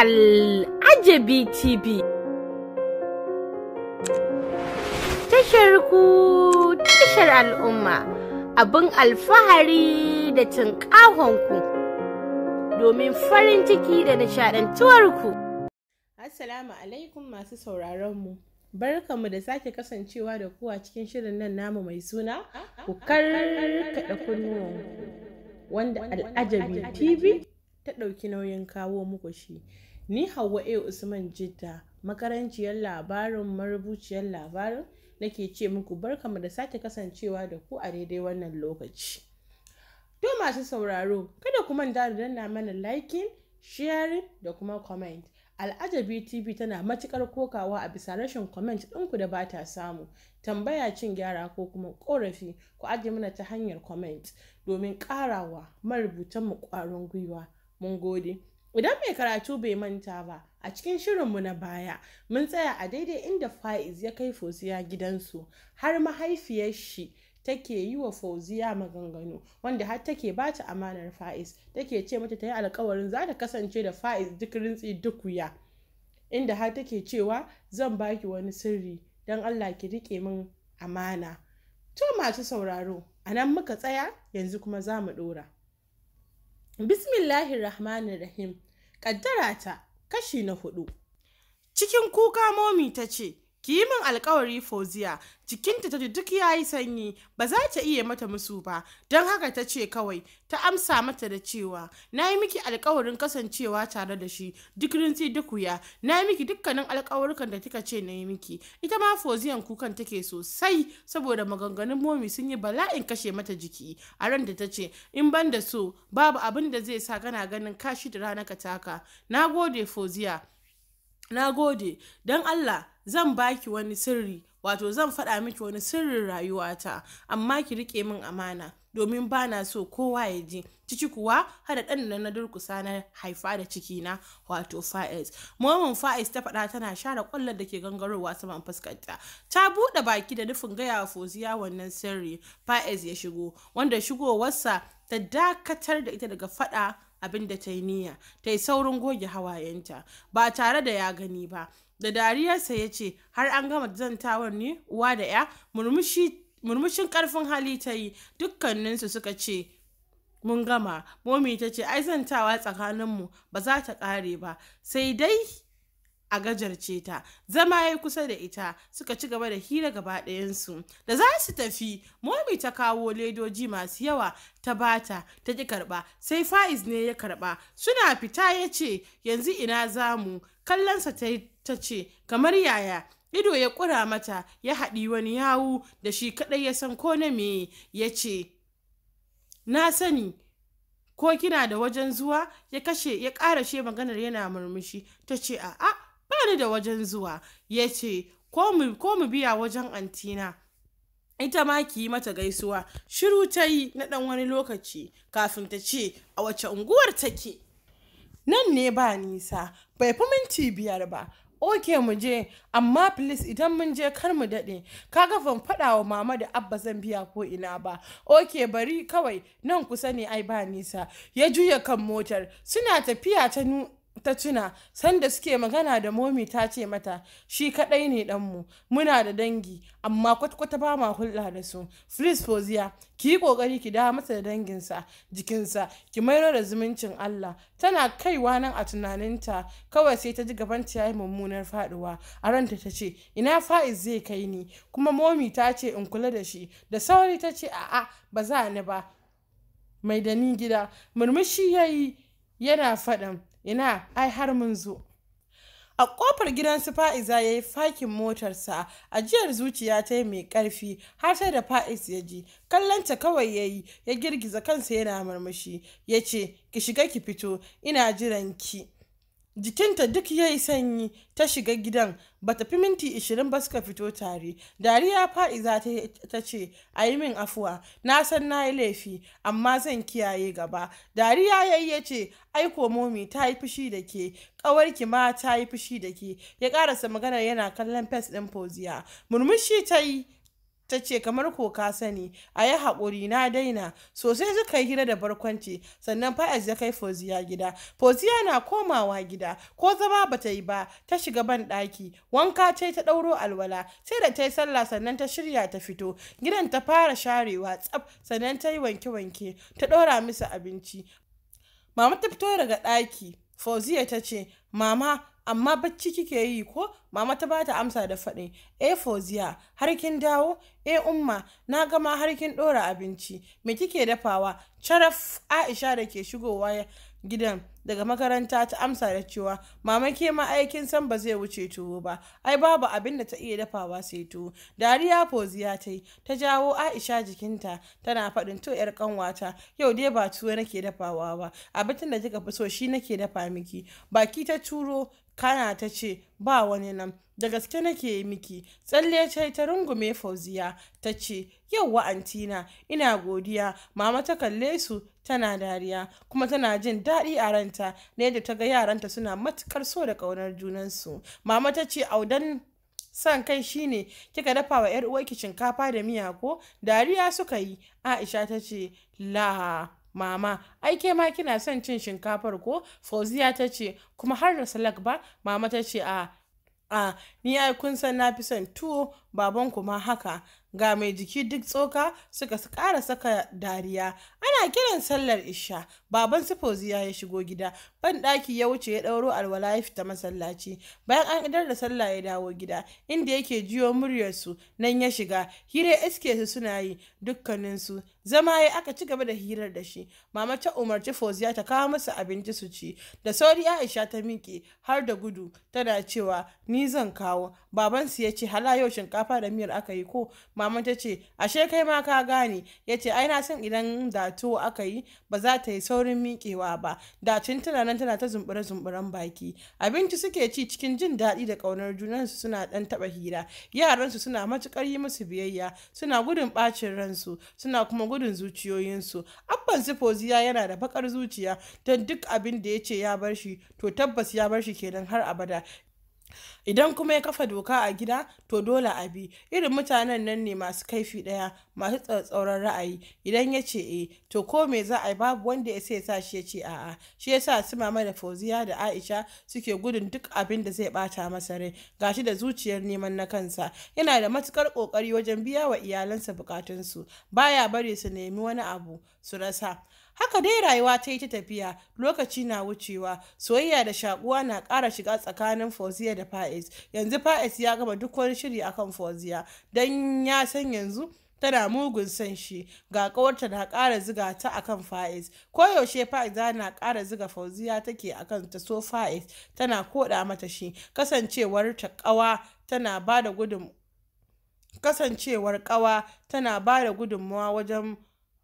Al'ajabi TV. Tashar ku tashar al'umma abin alfahari da ku domin farin ciki da nishadantuwarku. Assalamu alaikum masu sauraron sauraronmu. Barkanmu da sake kasancewa da kuwa cikin shirin nan namu mai suna ku karkada kunnuwan wanda al'ajabi TV ta ɗauki nauyin kawo muku shi. Ni Hauwa A. Usman Jidda, makaranciyar labarin marubuciyar labarin nake ce muku barkamu da sake kasancewa da ku a daidai wannan lokaci. To masu sauraro, kada ku manta da danna mana liking, sharing da kuma comment. Al'ajabi TV tana matukar kokawa a bisa rashin comment ɗinku da ba ta samu, tambaya cin gyara ko kuma ƙorafi ku ajiye mana ta hanyar comment domin ƙarawa marubutanmu ƙwarin gwiwa. Mun gode. Idan mai karatu bai manta ba, a cikin shirinmu na baya, mun tsaya a daidai inda Faiz ya kai Fauziya gidansu, har mahaifiyar shi take yi wa Fauziya maganganu, wanda har take ba ta amanar Faiz, take ce mata ta yi alkawarin za ta kasance da Faiz duk rintsi duk wuya. Inda har take cewa zan baki wani sirri don Allah ki riƙe min amana. To masu sauraro, a nan muka tsaya yanzu kuma za mu ɗora. Bismillahirrahmanirrahim. Kaddara ta kashi na hudu. Cikin kuka momi ta ce, ki yi min alkawari foziya jikinta ta duk ya yi sanyi ba za ta iya mata musu ba don haka ta ce kawai ta amsa mata da cewa na yi miki alkawarin kasancewa tare da shi duk rinsi duk wuya na yi miki dukkanin alkawarukan da kika ce na yi miki ita ma foziyan kukan take sosai saboda maganganun momi sun yi bala'in kashe mata jiki a ran da ta ce in ban da so babu abin da zai sa kana ganin kashi da rana ka taka na gode foziya. na gode don allah zan baki wani sirri wato zan faɗa miki wani sirrin rayuwata amma ki rike min amana domin ba na so kowa ya ji ciki kuwa hada ɗan na na durkusa na haifa da ciki na wato fa'is momin fa'is ta faɗa tana share kwallon da ke gangarowa saman fuskarta ta buɗe baki da nufin gaya wa foziya wannan sirri fa'is ya shigo wanda shigowarsa ta dakatar da ita daga faɗa abin da ta yi niyya ta yi saurin goge hawayenta ba tare da ya gani ba da dariyarsa ya ce har an gama zantawar ne uwa da ya murmushin karfin hali ta yi dukkaninsu suka ce mun gama momi ta ce ai zantawa tsakaninmu ba za ta ƙare ba sai dai a gajarce ta zama ya kusa da ita suka ci gaba da hira gaba ɗayansu da za su tafi momi ta kawo ledoji masu yawa ta bata ta ki karba sai faiz ne ya karba suna fita ya ce yanzu ina zamu kallonsa ta ce kamar yaya ido ya ƙura mata ya haɗi wani yawu da shi kaɗai ya san ko na me ya ce na sani ko kina da wajen zuwa ya kashe ya ƙarashe maganar yana murmushi ta ce a'a ba da wajen zuwa ya ce ko mu biya wajen antina ita ma ki yi mata gaisuwa shiru ta yi na ɗan wani lokaci kafin ta ce a wace unguwar take nan ne ba nisa bai fi minti biyar ba oke mu je amma please idan mun je kar mu daɗe kaga ban faɗa wa mama da abba zan biya ko ina ba oke bari kawai nan kusa ne ai ba nisa ya juya kan motar suna tafiya ta nu ta tuna sanda suke magana da momi ta ce mata shi kadai ne danmu muna da dangi amma kwata-kwata ba ma hulɗa da su fris foziya ki yi kokari ki da masa da danginsa jikinsa ki mairo da zumuncin allah tana kaiwa nan a tunaninta kawai sai ta ji ta ya yi mummunar faduwa a ranta ta ce ina fa'iz zai kai ni kuma momi ta ce in kula da shi da sauri ta ce a'a ba za ni ba mai da ni gida murmushi ya yi yana faɗin ina ai har mun zo a kofar gidan su fa'iza ya yi fakin motarsa ajiyar zuciya ta yi mai karfi har sai da fa'is ya ji kallonta kawai ya yi ya girgiza kansa yana murmushi, ya ce ki shiga ki fito ina jiran ki Jikinta duk ya yi sanyi ta shiga gidan ba ta fi minti ishirin ba suka fito tare. Dariya za ta ce, A yi min afuwa, na san na yi laifi, amma zan kiyaye gaba. Dariya ya yi ya ce, momi ta yi fushi da ke, ƙawarki ma ta yi fushi da ke, ya ƙarasa magana yana kallon fes ɗin Foziya. Murmushi ta yi, ta ce kamar ko ka sani a yi haƙuri na daina sosai suka yi hira da barkwanci sannan fa'az ya kai foziya gida foziya na komawa gida ko zama ba ta yi ba ta shiga ban ɗaki wanka ce ta ɗauro alwala sai da ta yi sallah sannan ta shirya ta fito gidan ta fara sharewa tsaf sannan ta yi wanke-wanke ta ɗora musu abinci mama ta fito daga ɗaki Foziya ta ce mama amma bacci kike yi ko mama ta bata amsa da faɗi e eh, foziya har kin dawo e umma na gama har kin ɗora abinci me kike dafawa caraf aisha da ke shigowa gidan daga makaranta ta amsa da cewa mama ke ma aikin san ba zai wuce tuwo ba ai babu abin da ta iya dafawa sai tuwo dariya foziya ta yi ta jawo aisha jikinta tana faɗin to yar kanwata yau dai ba tuwo nake dafawa ba abincin da kika fi so shi nake dafa miki baki ta turo kana ta ce ba wani nan da gaske nake miki tsalle ce ta rungume fauziya ta ce yauwa antina ina godiya mama ta kalle su tana dariya kuma tana jin daɗi a ranta ne da ta ga yaranta suna matukar so da ƙaunar junansu mama ta ce audan san kai shine kika dafa wa yar uwarki shinkafa da miya ko dariya suka yi aisha ta ce la Mama, ai ke ma kina son cin shinkafar ko? Fauziya ta ce, kuma har da salak ba? Mama ta ce, a, ni ai kun san na fi son tuwo baban kuma haka ga mai jiki duk tsoka suka kara saka dariya ana kiran sallar isha baban sifozi ya shigo gida ban ɗaki ya wuce ya ɗauro alwala ya fita masallaci bayan an idar da sallah ya dawo gida inda yake jiyo muryarsu nan ya shiga hira iske su suna yi dukkaninsu zama ya aka ci gaba da hirar da shi mama ta umarci foziya ta kawo musu abinci su ci da sauri aisha ta miƙe har da gudu tana cewa ni zan kawo babansu ya ce hala yau shinkafa shinkafa da miyar aka yi ko Mama ta ce ashe kai ma ka gane ya ce ai na san idan da aka yi ba za ta yi saurin miƙewa ba da tun tana nan tana ta zumbure zumburen baki abinci suke ci cikin jin daɗi da ƙaunar junansu suna ɗan taɓa hira yaransu suna matuƙar yi musu biyayya suna gudun ɓacin ransu suna kuma gudun zuciyoyinsu abban sifoziya yana da baƙar zuciya don duk abin da ya ce ya bar shi to tabbas ya bar shi kenan har abada idan kuma ya kafa doka a gida to dole a bi irin mutanen nan ne masu kaifi daya masu tsatsauran ra'ayi idan ya ce eh to ko me za a yi babu wanda ya sai sa shi ya ce a'a shi ya sa su mama da fauziya da aisha suke gudun duk abin da zai bata masa rai gashi da zuciyar neman na kansa yana da matukar kokari wajen biya wa iyalansa bukatunsu baya bari su nemi wani abu su rasa haka dai rayuwa ta yi ta tafiya lokaci na wucewa soyayya da shakuwa na ƙara shiga tsakanin fauziya da fa'is yanzu fa'is ya gama duk wani shiri akan fauziya don ya san yanzu tana mugun san shi ga kawarta na ƙara ziga ta akan fa'iz koyaushe fa'iza na ƙara ziga fauziya take akan ta so fa'iz tana koda mata shi kasancewar ta ƙawa tana ba gudun kasancewar ƙawa tana ba gudunmawa wajen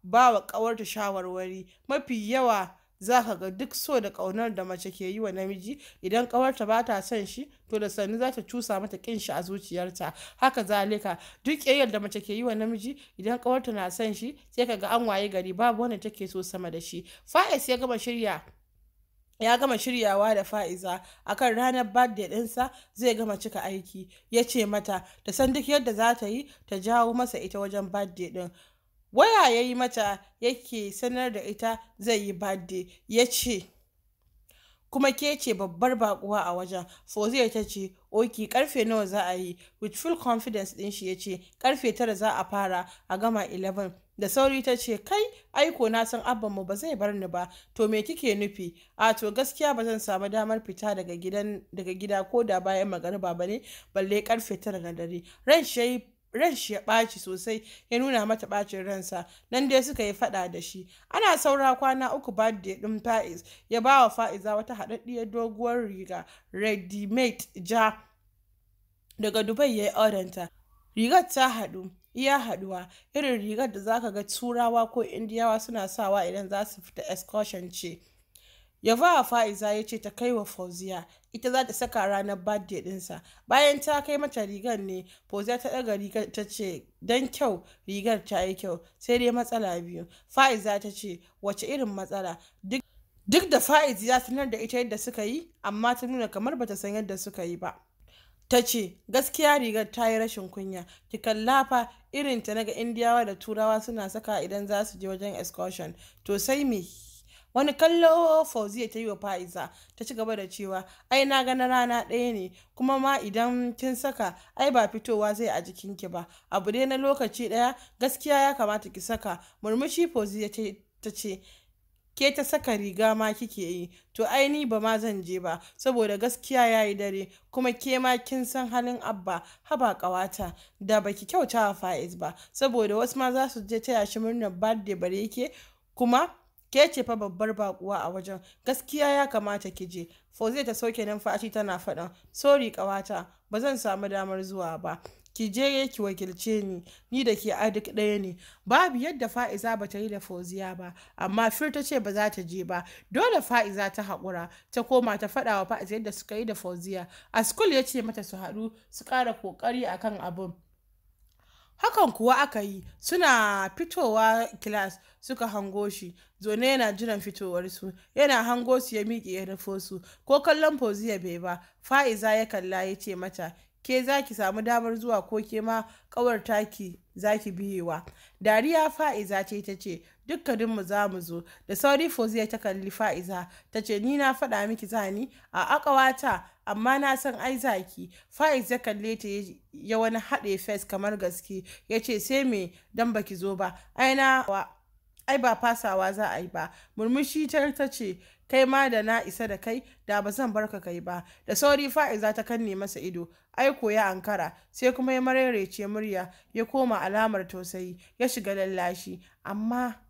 ba wa ƙawarta shawarwari mafi yawa za ka ga duk so da ƙaunar da mace ke yi wa namiji idan ƙawarta ba ta son shi to da sannu za ta cusa mata ƙin shi a zuciyarta haka zalika duk ƙiyayyar da mace ke yi wa namiji idan ƙawarta na son shi sai ka ga an waye gari babu wanda take so sama da shi fa'is ya gama shirya ya gama shiryawa da fa'iza akan ranar birthday ɗinsa zai gama cika aiki ya ce mata ta san duk yadda za ta yi ta jawo masa ita wajen birthday ɗin waya ya yi mata yake sanar da ita zai yi birthday ya ce kuma ke ce babbar bakuwa a wajen fozia ta ce oki karfe nawa za a yi with full confidence din shi ya ce karfe tara za a fara a gama 11 da sauri ta ce kai aiko na san mu ba zai bar ni ba to me kike nufi a to gaskiya ba zan samu damar fita daga gida ko da bayan magana ba ne balle karfe tara na dare ran shi ran shi ya ɓaci sosai ya nuna mata ɓacin ransa nan dai suka yi faɗa da shi ana saura kwana uku birthday ɗin fa'iz ya ba wa fa'iza wata haɗaɗɗiyar doguwar riga ready made ja daga dubai ya yi oranta rigar ta haɗu iya haɗuwa irin rigar da za ka ga turawa ko indiyawa suna sawa idan za su fita excursion ce ya fa'iza ya ce ta kai wa fauziya ita za ta saka ranar birthday ɗinsa bayan ta kai mata rigar ne poza ta daga rigar ta ce don kyau rigar ta yi kyau sai dai matsala biyu za ta ce wace irin matsala duk duk da fa'iz ya sanar da ita yadda suka yi amma ta nuna kamar bata san yadda suka yi ba ta ce gaskiya rigar ta yi rashin kunya ki kallafa irinta irin ta indiyawa da turawa suna saka idan za su je wajen excursion to sai me wani kallo fauziya ta yi wa fa'iza ta ci gaba da cewa ai na gana rana ɗaya ne kuma ma idan kin saka ai ba fitowa zai a jikinki ba abu dai na lokaci ɗaya gaskiya ya kamata ki saka murmushi fauziya ta ce ke ta saka riga ma kike yi to ai ni ba ma zan je ba saboda gaskiya ya yi dare kuma ke ma kin san halin abba haba kawata da baki kyauta wa fa'iz ba saboda wasu ma za su je taya shi murnar birthday bare yake kuma ke ce fa babbar bakuwa a wajen gaskiya ya kamata ki je fauzi ta soke numfashi tana faɗan sori ƙawata ba zan samu damar zuwa ba ki je ki wakilce ni ni da ke a duk ɗaya ne babu yadda fa'iza ba ta yi da fauziya ba amma fir ta ce ba za ta je ba dole fa'iza ta haƙura ta koma ta faɗa wa fa'iza yadda suka yi da fauziya a skul ya ce mata su haɗu su ƙara ƙoƙari akan abin hakan kuwa aka yi suna fitowa kilas suka hango shi zone yana jiran fitowarsu yana hango su ya miƙe ya nufo su ko kallon poziya bai ba fa'iza ya kalla ya ce mata ke zaki samu damar zuwa ko ke ma kawar taki zaki biyewa dariya fa'iza ce ta ce dukkaninmu za mu zo da sauri fozia ta kalli fa'iza ta ce ni na faɗa miki zani a akawata amma na san ai zaki fa'iz ya kalli ta ya wani haɗe fes kamar gaske ya ce sai me dan baki zo ba ai ai ba fasawa za a yi ba murmushi ta ce kai ma da na isa da kai da ba zan bar ka kai ba da sauri fa'iza ta kanne masa ido ai ya ankara sai kuma ya marerece murya ya koma alamar tausayi ya shiga lallashi amma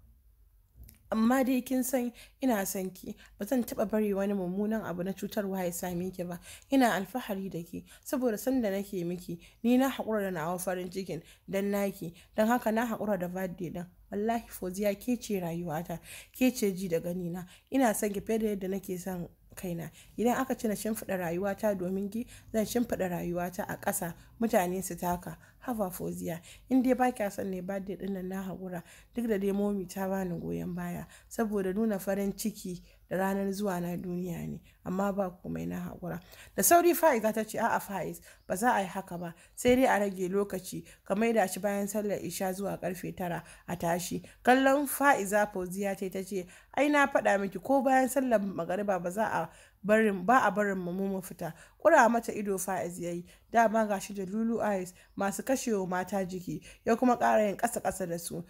amma dai kin san ina son ki ba zan taba bari wani mummunan abu na cutarwa ya same ki ba ina alfahari da ki saboda sanda nake miki ni na haƙura da nawa farin cikin dan naki dan haka na haƙura da birthday din wallahi foziya ke ce rayuwata ke ce ji da nina ina son ki fiye da yadda nake son kaina idan aka ce shimfiɗa rayuwata domin gi zan shimfiɗa rayuwata a ƙasa mutane su taka hava foziya in dai ba kya son ne birthday ɗin nan na haƙura duk da dai momi ta bani goyon baya saboda nuna farin ciki da ranar zuwa na duniya ne amma ba komai na haƙura da sauri fa'iza ta ce a'a fa'iz ba za a yi haka ba sai dai a rage lokaci ka maida shi bayan sallar isha zuwa karfe tara a tashi kallon fa'iza fauziya ta ta ce ai na faɗa miki ko bayan sallar magariba ba za a barin ba a barin mu mu fita kura mata ido fa'iz yayi dama shi da lulu eyes masu kashewa mata jiki ya kuma ƙara yin ƙasa ƙasa da su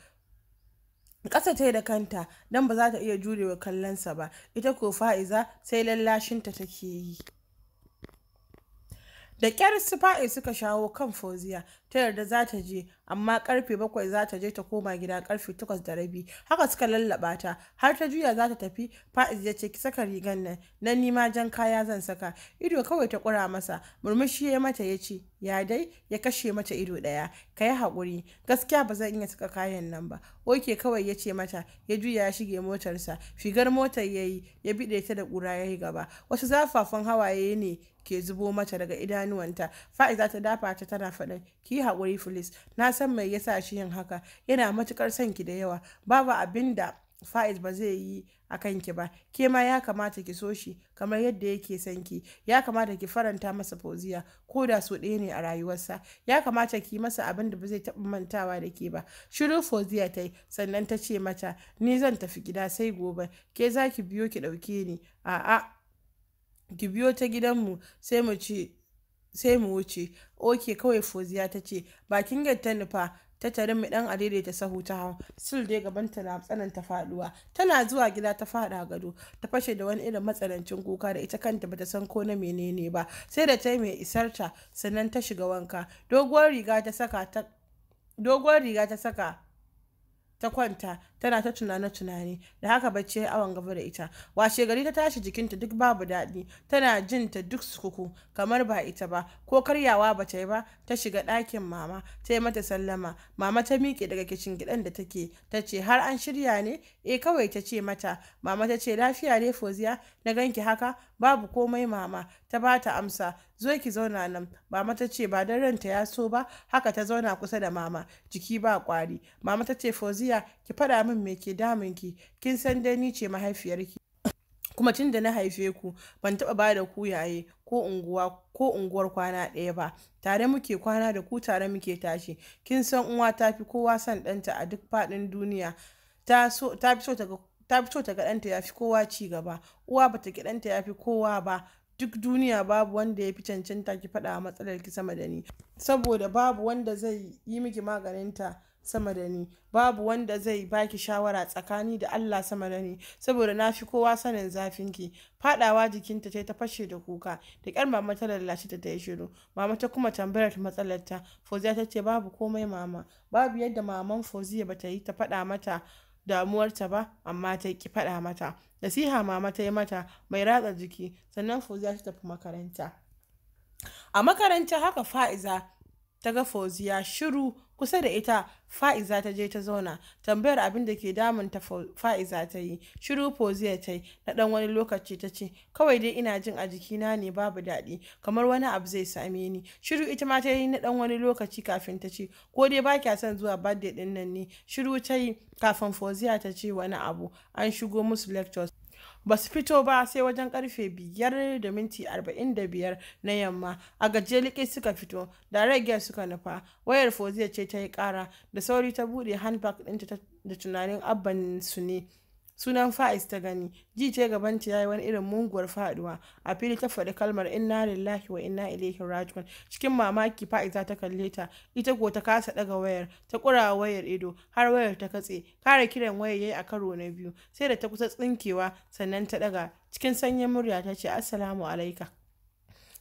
ƙasa ta da kanta don ba za ta iya jurewa kallonsa ba ita ko fa'iza sai lallashinta take yi da kyar su fa'i suka shawo kan fauziya ta yarda za ta je amma karfe bakwai za ta je ta koma gida karfe takwas da rabi haka suka lallaba ta har ta juya za ta tafi fa'iz ya ce ki saka rigan nan na nima jan kaya zan saka ido kawai ta kura masa murmushi ya mata ya ce ya dai ya kashe mata ido daya ka yi haƙuri gaskiya ba zan iya saka kayan nan ba oke kawai ya ce mata ya juya ya shige motarsa shigar motar ya yi ya biɗe ta da ƙura ya yi gaba wasu zafafan hawaye ne ke zubo mata daga idanuwanta za ta dafa ta tana faɗin ki ki haƙuri filis na san mai yasa shi yin haka yana matukar son ki da yawa babu abin da fa'iz ba zai yi a kanki ba ke ma ya kamata ki so shi kamar yadda yake son ki ya kamata ki faranta masa foziya ko da so ɗaya ne a rayuwarsa ya kamata ki masa abin da ba zai taɓa mantawa da ke ba shiru foziya ta yi sannan ta ce mata ni zan tafi gida sai gobe ke za ki biyo ki ɗauke ni a'a ki biyo ta gidanmu sai mu ci sai mu wuce oke kawai foziya ta ce bakin gate ta nufa ta tare mu dan ta sahu ta hau sil dai gaban ta na tsananta faduwa tana zuwa gida ta fada gado ta fashe da wani irin matsanancin kuka da ita kanta bata san ko na menene ba sai da ta yi mai isarta sannan ta shiga wanka doguwar riga ta saka ta doguwar riga ta saka ta kwanta tana ta tunane-tunane da haka bacci ya awon gaba da ita washe gari ta tashi jikinta duk babu daɗi tana jin ta duk sukuku kamar ba ita ba ko karyawa ba ta yi ba ta shiga ɗakin mama ta yi mata sallama mama ta miƙe daga kicin gidan da take ta ce har an shirya ne e kawai ta ce mata mama ta ce lafiya ne foziya na ganki haka babu komai mama ta ba ta amsa zo ki zauna nan mama ta ce ba don ranta ya so ba haka ta zauna kusa da mama jiki ba kwari mama ta ce fauziya ki fada min me ke damun ki kin san dai ni ce mahaifiyarki kuma tun da na haife ku ban taba ba da ku yaye ko unguwa ko unguwar kwana ɗaya ba tare muke kwana da ku tare muke tashi kin san uwa ta fi kowa son ɗanta a duk faɗin duniya ta fi so ta ga ta fito ta ga ya fi kowa ci gaba uwa ba ta ga ya fi kowa ba duk duniya babu wanda ya fi cancanta ki faɗa a matsalar ki sama da ni saboda babu wanda zai yi miki maganinta sama da ni babu wanda zai baki shawara tsakani da Allah sama da ni saboda na fi kowa sanin zafin ki fadawa jikinta ta ta fashe da kuka da kyar mama ta lallace ta yi shiru mama ta kuma tambayar ta matsalar ta ta ce babu komai mama babu yadda maman ba ta yi ta faɗa mata damuwarta ba amma ta ki faɗa mata nasiha mama ta yi mata mai ratsa jiki sannan fauziya ta tafi makaranta a makaranta haka fa'iza ta ga fauziya shiru kusa da ita fa'iza ta je ta zauna tambayar abin da ke ta fa'iza ta yi shiru poziya ta yi na dan wani lokaci ta ce kawai dai ina jin a jikina ne babu daɗi kamar wani abu zai same ni shiru ita ma ta yi na dan wani lokaci kafin ta ce ko dai ba kya son zuwa birthday din nan ne shiru ta yi kafin Poziya ta ce wani abu an shigo musu lectures ba su fito ba sai wajen karfe biyar da minti arba'in da biyar na yamma a gaje liƙe suka fito da rage suka nufa wayar foziya ce ta yi ƙara da sauri ta buɗe handbag ɗinta da tunanin abban su ne Sunan fais ta gani, ji ce gabanta ya yi wani irin munguwar faduwa. A fili ta faɗi kalmar inna lillahi wa inna ilaihi rajiun. Cikin mamaki Faiza ta kalle ta, ita ko ta kasa daga wayar, ta kura wayar ido, har wayar ta katse, kare kiran wayar yayi a karo na biyu, sai da ta kusa tsinkewa sannan ta daga Cikin sanyin murya ta ce Assalamu alaika.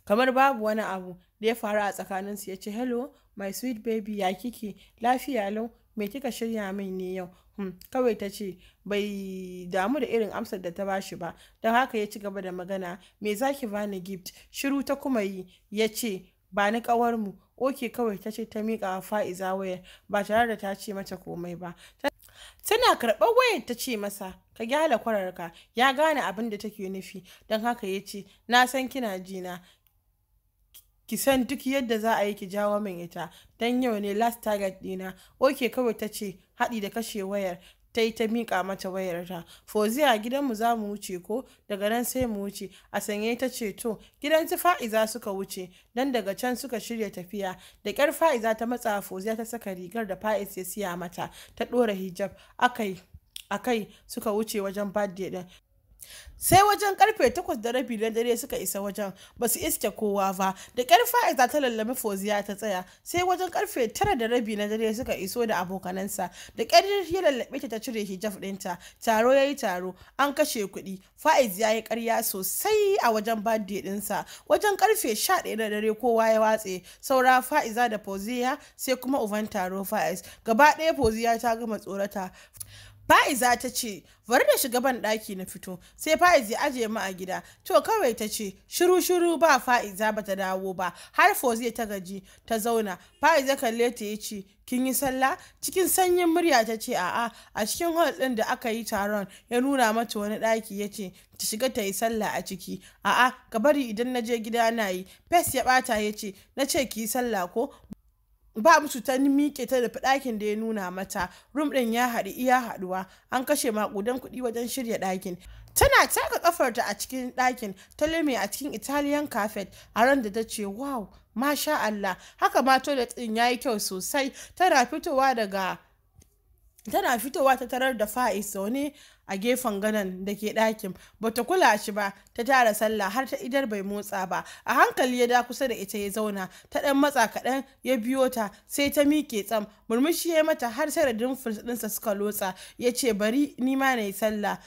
Kamar babu wani abu da ya faru a tsakaninsu ya ce hello my sweet baby ya kike lafiya lau me kika shirya min ne yau hmm. kawai ta ce bai damu da irin amsar da ta shi ba don haka ya ci gaba da magana me zaki bani gift shiru ta kuma yi ya ce ba ni mu oke kawai ta ce ta miƙa wa fa'iza wayar ba tare da ta ce mata komai ba tana karɓar wayar ta ce masa ka gyara kwararka ya gane abin da take nufi don haka ya ce na san kina jina ki san duk yadda za a yi ki jawo min ita dan yau ne last target dina oke kawai ta ce haɗi da kashe wayar ta yi ta miƙa mata wayar ta foziya gidanmu za mu wuce ko daga nan sai mu wuce a sanye ta ce to gidan su fa'iza suka wuce dan daga can suka shirya tafiya da ƙyar fa'iza ta matsa fozia ta saka rigar da fa'iz ya siya mata ta ɗora hijab akai akai suka wuce wajen birthday din sai wajen karfe 8 da rabi na dare suka isa wajen ba su iske kowa ba da kyar fa'iza ta lallami foziya ta tsaya sai wajen karfe tara da rabi na dare suka iso da abokanansa da kyar ya lallabe ta ta cire hijab dinta taro ya yi taro an kashe kuɗi fa'iz ya yi karya sosai a wajen birthday ɗinsa wajen karfe sha ɗaya na dare kowa ya watse saura fa'iza da foziya sai kuma uban taro fa'iz gaba ɗaya foziya ta gama tsorata fa'iza ta ce bari da shiga ban ɗaki na fito sai fa'iz ya ajiye mu a gida to kawai ta ce shiru shiru ba fa'iza ba ta dawo ba har zai ta gaji ta zauna fa'iza kalle ta ya ce kin yi sallah cikin sanyin murya ta ce a'a a cikin hall ɗin da aka yi taron ya nuna mata wani ɗaki ya ce ta shiga ta yi sallah a ciki a'a ka bari idan na je gida na yi fes ya ɓata ya ce na ce ki yi sallah ko ba mutu ta miƙe ta da ɗakin da ya nuna mata rum ɗin ya haɗu iya haɗuwa an kashe maƙudan kuɗi wajen shirya ɗakin tana taka ƙafarta a cikin ɗakin ta lume a cikin italian carpet a ran da ta ce wow masha Allah haka ma toilet ɗin yayi kyau sosai tana fitowa daga tana fitowa ta tarar da fa'is zaune a gefen gadon da ke ɗakin bata kula shi ba ta tara sallah har ta idar bai motsa ba a hankali ya da kusa da ita ya zauna ta ɗan matsa kaɗan ya biyo ta sai ta miƙe tsam murmushi ya mata har sai da ɗinsa suka lotsa ya ce bari nima ma na yi sallah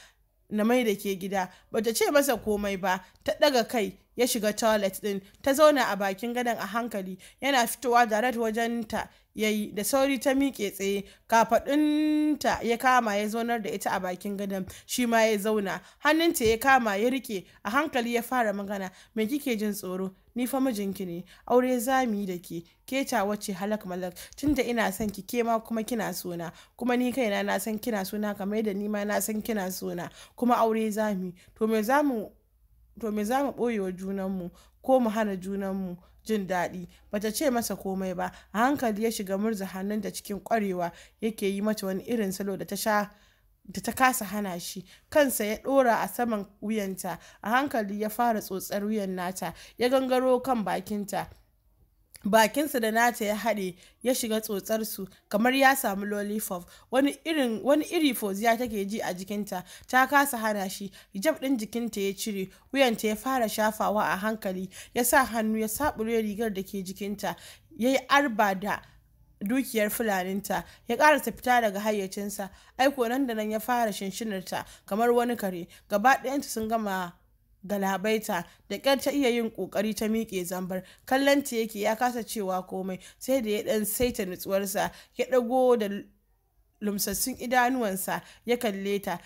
na mai da ke gida bata ce masa komai ba ta ɗaga kai ya shiga toilet din ta zauna a bakin gadon a hankali yana fitowa red wajenta ya yi da sauri ta miƙe tsaye kafaɗinta ya kama ya zaunar da ita a bakin gadon shi ma ya zauna hannunta ya kama ya rike a hankali ya fara magana mai kike jin tsoro ni fa mijinki ne aure za mu yi da ke ke wacce halak malak tunda ina son ki ke kuma kina sona kuma ni kaina na san kina sona kamar da ni ma na san kina sona kuma aure za mu to me za mu to me za mu ɓoye wa junanmu ko mu hana junan mu jin daɗi bata ce masa komai ba a hankali ya shiga murza hannun da cikin ƙwarewa yake yi mata wani irin salo da ta sha da ta kasa hana shi kansa ya ɗora a saman wuyanta a hankali ya fara tsotsar wuyan nata ya gangaro kan bakinta bakinsa da nata ya haɗe ya shiga tsotsar su kamar ya samu lollipop wani iri foziya take ji a jikinta ta kasa hana shi hijab ɗin jikinta ya cire wuyanta ya fara shafawa a hankali ya sa hannu ya saɓure rigar da ke jikinta ya yi arba da dukiyar fulaninta ya karasa fita daga hayyacinsa aiko nan da nan ya fara shinshinarta kamar wani kare gaba ɗayanta sun gama galabaita da ƙyar ta iya yin ƙoƙari ta miƙe zambar kallon yake ya kasa cewa komai sai da ya ɗan saita nutsuwarsa ya ɗago da lumsassun idanuwansa ya kalle ta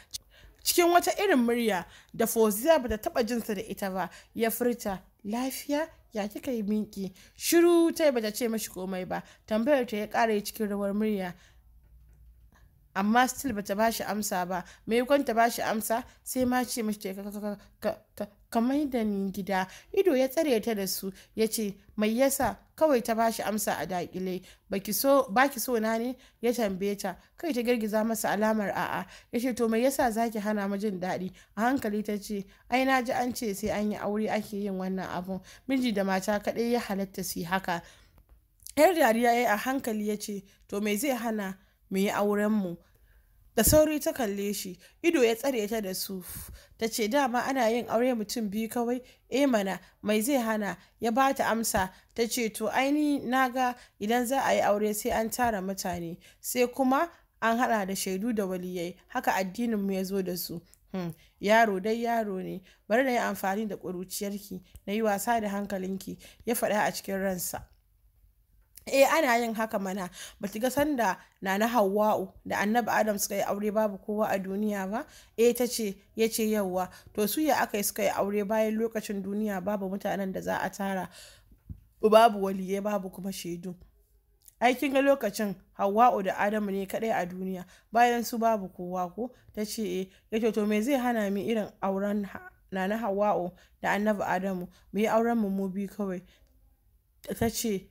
cikin wata irin murya da ba bata taɓa jinsa da ita ba ya furta lafiya ya kika yi minki shiru ta yi ba ta ce mashi komai ba tambayar ta ya ƙara cikin rawar murya amma still bata bashi amsa ba maimakon ta bashi amsa sai ma ce ka kamar da ni gida ido ya tsare ta da su ya ce mai yasa kawai ta bashi amsa a dakile ba ki so na ne ya tambaye ta kai ta girgiza masa alamar a'a ya ce to mai yasa ki hana mu jin daɗi a hankali ta ce ai na ji an ce sai an yi aure ake yin wannan abun miji da mata kaɗai ya halatta su haka yar dariya ya yi a hankali ya ce to mai zai hana mu yi aurenmu da sauri ta kalle shi ido ya tsare ta da su ta ce dama ana yin aure mutum biyu kawai e mana mai zai hana ya ba ta amsa ta ce to aini ga idan za a yi aure sai an tara mutane sai kuma an hada da shaidu da waliyai haka addininmu ya zo da su hmm, yaro dai yaro ne bari na yi amfani da ƙuruciyarki na yi wasa da hankalinki ya faɗa a cikin ransa eh ana yin haka mana ba ki ga sanda na na hawa'u da annabi adam suka yi aure babu kowa a duniya ba eh ta ce ya ce yawwa to su ya aka yi suka yi aure bayan lokacin duniya babu mutanen da za a tara babu waliye babu kuma shaidu aikin ga lokacin hawa'u da adamu ne kadai a duniya bayan su babu kowa ko ta ce eh ya to me zai hana mi irin auren na na hawa'u da annabi adamu mu yi auren mu mu biyu kawai ta ce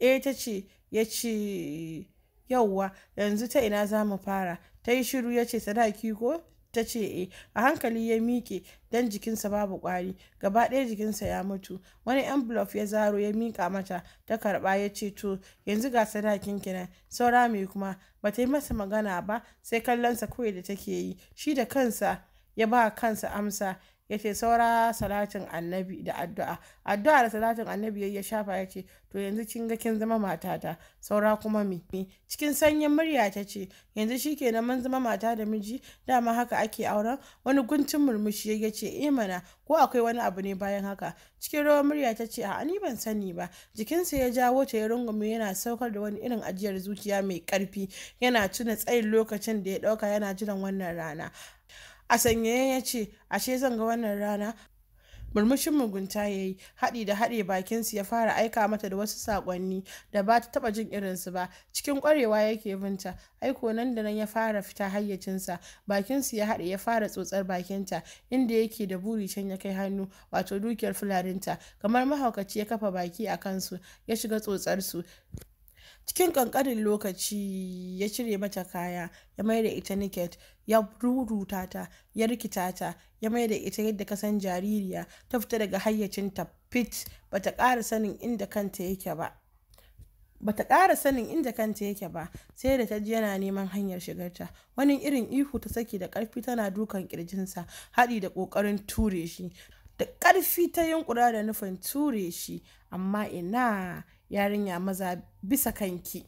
eh ta ce ya ce yauwa yanzu ta ina za mu fara ta yi shiru ya ce sadaki ko ta ce e a hankali ya miƙe don jikinsa babu ƙwari gaba ɗaya jikinsa ya mutu wani envelope ya zaro ya miƙa mata ta karɓa ya ce to yanzu ga sadakin kinan saura mai kuma ba ta yi masa magana ba sai kallonsa kawai da take yi shi da kansa ya ba kansa amsa yace ce saura salatin annabi da addu'a addu'a da salatin annabi ya shafa ya ce to yanzu kin ga zama matata saura kuma me cikin sanyin murya ta ce yanzu shikenan mun zama mata da miji dama haka ake auren wani guntun murmushi ya ce eh mana ko akwai wani abu ne bayan haka cikin rawar murya ta ce a ni ban sani ba jikinsa ya ja ta ya rungume yana saukar da wani irin ajiyar zuciya mai karfi yana tuna tsayin lokacin da ya dauka yana jiran wannan rana a sanyaye ya ce ashe zan ga wannan rana murmushin mugunta ya yi haɗi da haɗe bakinsu ya fara aika mata da wasu sakonni da ba ta taɓa jin irinsu ba cikin ƙwarewa yake binta aiko nan da nan ya fara fita hayyacinsa bakinsu ya haɗe ya fara tsotsar bakinta inda yake da buri can ya kai hannu wato dukiyar fularinta kamar mahaukaci ya kafa baki a kansu ya shiga tsotsarsu cikin kankanin lokaci ya cire mata kaya ya mai da ita niket ya ruruta ta ya rikita ta ya mai da ita yadda ka san jaririya ta fita daga hayyacinta fit bata ƙara sanin inda kanta yake ba bata ƙara sanin inda kanta yake ba sai da ta ji yana neman hanyar shigarta wani irin ihu ta saki da ƙarfi tana dukan ƙirjinsa haɗi da ƙoƙarin ture shi da ƙarfi ta yunkura da nufin ture shi amma ina yarinya maza bisa kanki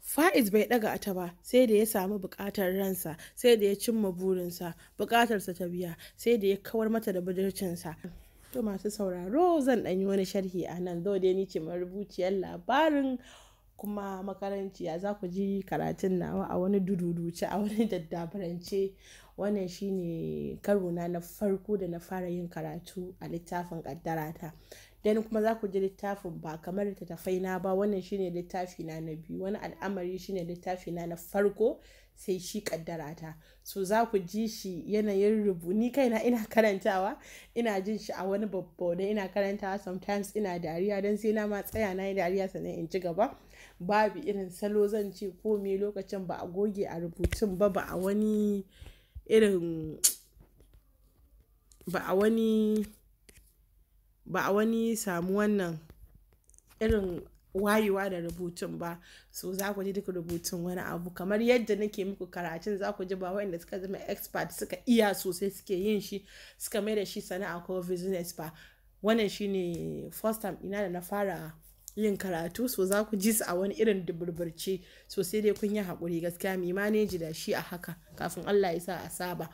fa'iz bai daga ata ba sai da ya samu bukatar ransa sai da ya cimma burinsa bukatarsa ta biya sai da ya kawar mata da budurcinsa to masu sauraro zan ɗanyi wani sharhi a nan zo dai ni ce marubuciyar labarin kuma ya za ku ji karatun nawa a wani dududuce a wani daddabarance wannan shine karuna na farko da na fara yin karatu a littafin kaddarata dan kuma za ku ji littafin ba kamar littattafai na ba wannan shine littafi na na biyu wani al'amari shine littafi na na farko sai shi kaddara ta so za ku ji shi yanayin rubu ni kaina ina karantawa ina jin shi a wani babba da ina karantawa sometimes ina dariya dan sai na ma tsaya na yi dariya sannan in ci gaba babu irin salo zan ce ko me lokacin ba a goge a rubutun ba ba a wani irin ba a wani ba a wani samu wannan irin wayewa da rubutun ba so za ku ji duk rubutun wani abu kamar yadda nake muku karatun za ku ji ba waɗanda suka zama expert suka iya sosai suke yin shi suka mai da shi sana'a ko business ba wannan shine first time ina da na fara yin karatu so za ku ji su a wani irin duburburce so sai dai kun yi haƙuri gaskiya mai maneji da shi a haka kafin Allah ya sa a saba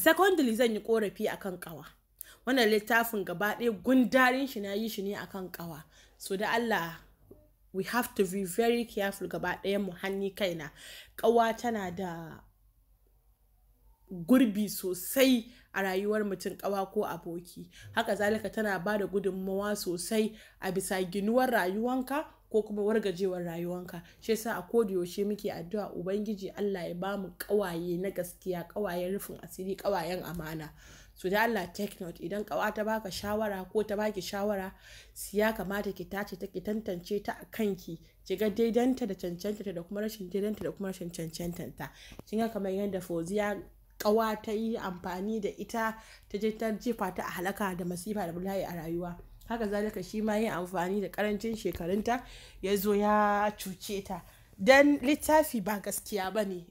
secondly zan yi korafi akan ƙawa wannan littafin gaba ɗaya gundarin shi na yi shi ne akan ƙawa so da Allah we have to be very careful gaba ɗaya mu hanni kaina ƙawa tana da gurbi sosai a rayuwar mutum kawa ko aboki haka zalika tana ba da gudunmawa sosai a bisa ginuwar rayuwanka ko kuma wargajewar rayuwanka shi yasa a yaushe muke addu'a ubangiji Allah ya ba mu kawaye na gaskiya kawayen rufin asiri kawayen amana su da Allah take note idan kawa ta baka shawara ko ta baki shawara su ya kamata ki tace ta ki tantance ta a kanki ki ga daidanta da cancanta da kuma rashin daidanta da kuma rashin ta kin ga kamar yadda Fozia kawa ta yi amfani da ita ta je ta jifa ta a halaka da masifa da bulayi a rayuwa haka zalika shi ma yin amfani da karancin shekarunta ya zo ya cuce ta dan littafi ba gaskiya ba ne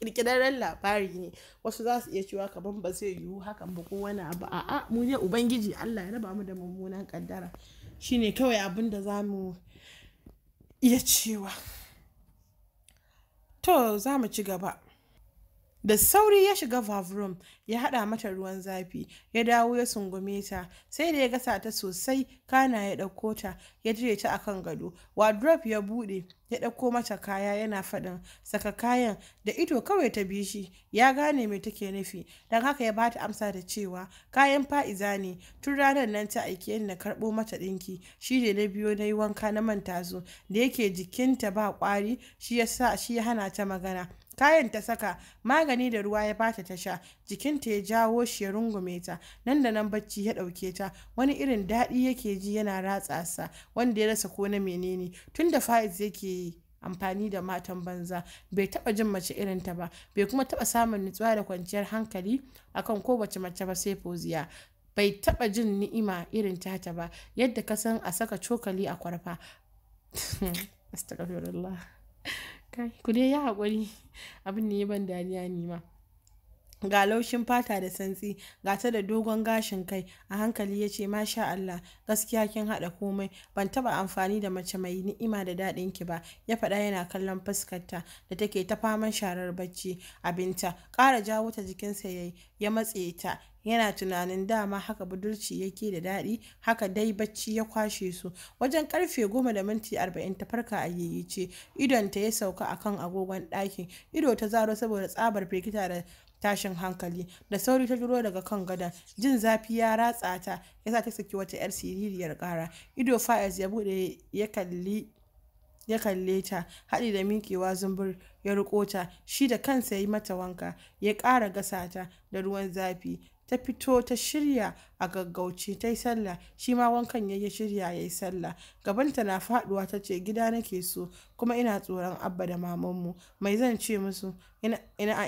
kirkirarren labari ne wasu za su iya cewa kaman ba zai yiwu hakan ba ko wani abu a'a mu ne ubangiji Allah ya raba mu da mummunan kaddara shine kawai abin da za mu iya cewa to za mu ci gaba Da sauri ya shiga vavrum ya haɗa mata ruwan zafi, ya dawo ya sungume ta, sai da ya gasa ta sosai, kana ya ɗauko ta, ya jire ta akan gado. Wardrobe ya buɗe, ya ɗauko mata kaya yana faɗin, saka kayan da ito kawai ta bi shi, ya gane me take nufi, don haka ya bata amsa da cewa kayan fa'iza ne, tun ranar nan ta aike ni na karɓo mata ɗinki, shi ne na biyo na yi wanka na manta su, da yake jikinta ba ƙwari, shi ya sa shi ya hana ta magana. Kayan ta saka, magani da ruwa ya bata ta sha, jikinta ya jawo shi ya rungume ta, nan da nan bacci ya ɗauke ta, wani irin daɗi yake ji yana ratsa sa, wanda ya rasa ko na menene, tun da Faiz yake yi. amfani da matan banza bai taba jin mace irin ta ba bai kuma taba samun nutsuwa da kwanciyar hankali akan ko kowace mace ba sai foziya bai taba jin ni'ima irin tata ba yadda ka san a saka cokali a kwarfa kai ku dai yi haƙuri abin ne ban dariya ni ma. ga laushin fata da santsi ga ta da dogon gashin kai a hankali ya ce masha Allah gaskiya kin haɗa komai ban taɓa amfani da mace mai ni'ima da daɗin ki ba ya faɗa yana kallon fuskarta da take ta faman sharar bacci abinta ƙara jawo ta jikinsa yayi ya matse ta yana tunanin dama haka budurci yake da daɗi haka dai bacci ya kwashe su wajen karfe goma da minti arba'in ta farka a yayyace idonta ya sauka akan agogon ɗakin ido ta zaro saboda tsabar firgita da tashin hankali da sauri ta duro daga kan gadon jin zafi ya ratsa ta yasa ta saki wata yar siririyar kara ido fayas ya bude ya kalli ya kalle ta haɗi da miƙewa zumbur ya riko ta shi da kansa ya yi mata wanka ya ƙara gasa ta da ruwan zafi ta fito ta shirya a gaggauce ta yi sallah shi ma wankan ya shirya ya yi sallah gabanta na faduwa ta ce gida nake so kuma ina tsoron abba da mamanmu mai zan ce musu ina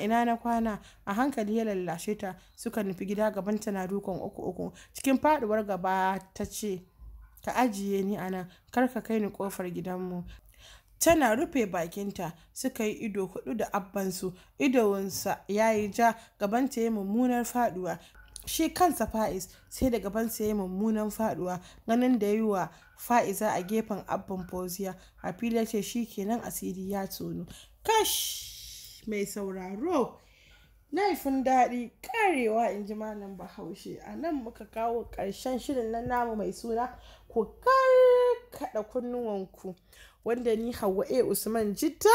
ina na kwana a hankali ya lallashe ta suka nufi gida gabanta na dukan uku uku cikin faduwar gaba ta ce ka ajiye ni a nan kar ka kai ni kofar gidanmu tana rufe bakinta suka yi ido hudu da abbansu Idonsa ya yi ja gaban ta yi mummunar faduwa shi kansa fa'iz sai da gaban ta yi mummunan faduwa ganin da yi wa fa'iza a gefen abban fauziya a fili ce shi kenan asiri ya tono kash mai sauraro laifin daɗi karewa in ji malam bahaushe a nan muka kawo ƙarshen shirin na namu mai suna ku karkaɗa kunnuwanku wanda ni Hauwa A Usman Jitta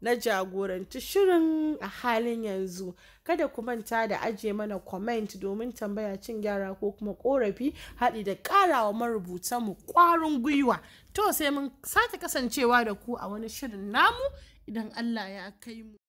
na jagoranci shirin a halin yanzu kada ku manta da ajiye mana comment domin tambaya cin gyara ko kuma korafi haɗi da ƙarawa marubutan mu ƙwarin gwiwa to sai mun sake kasancewa da ku a wani shirin namu idan Allah ya kai mu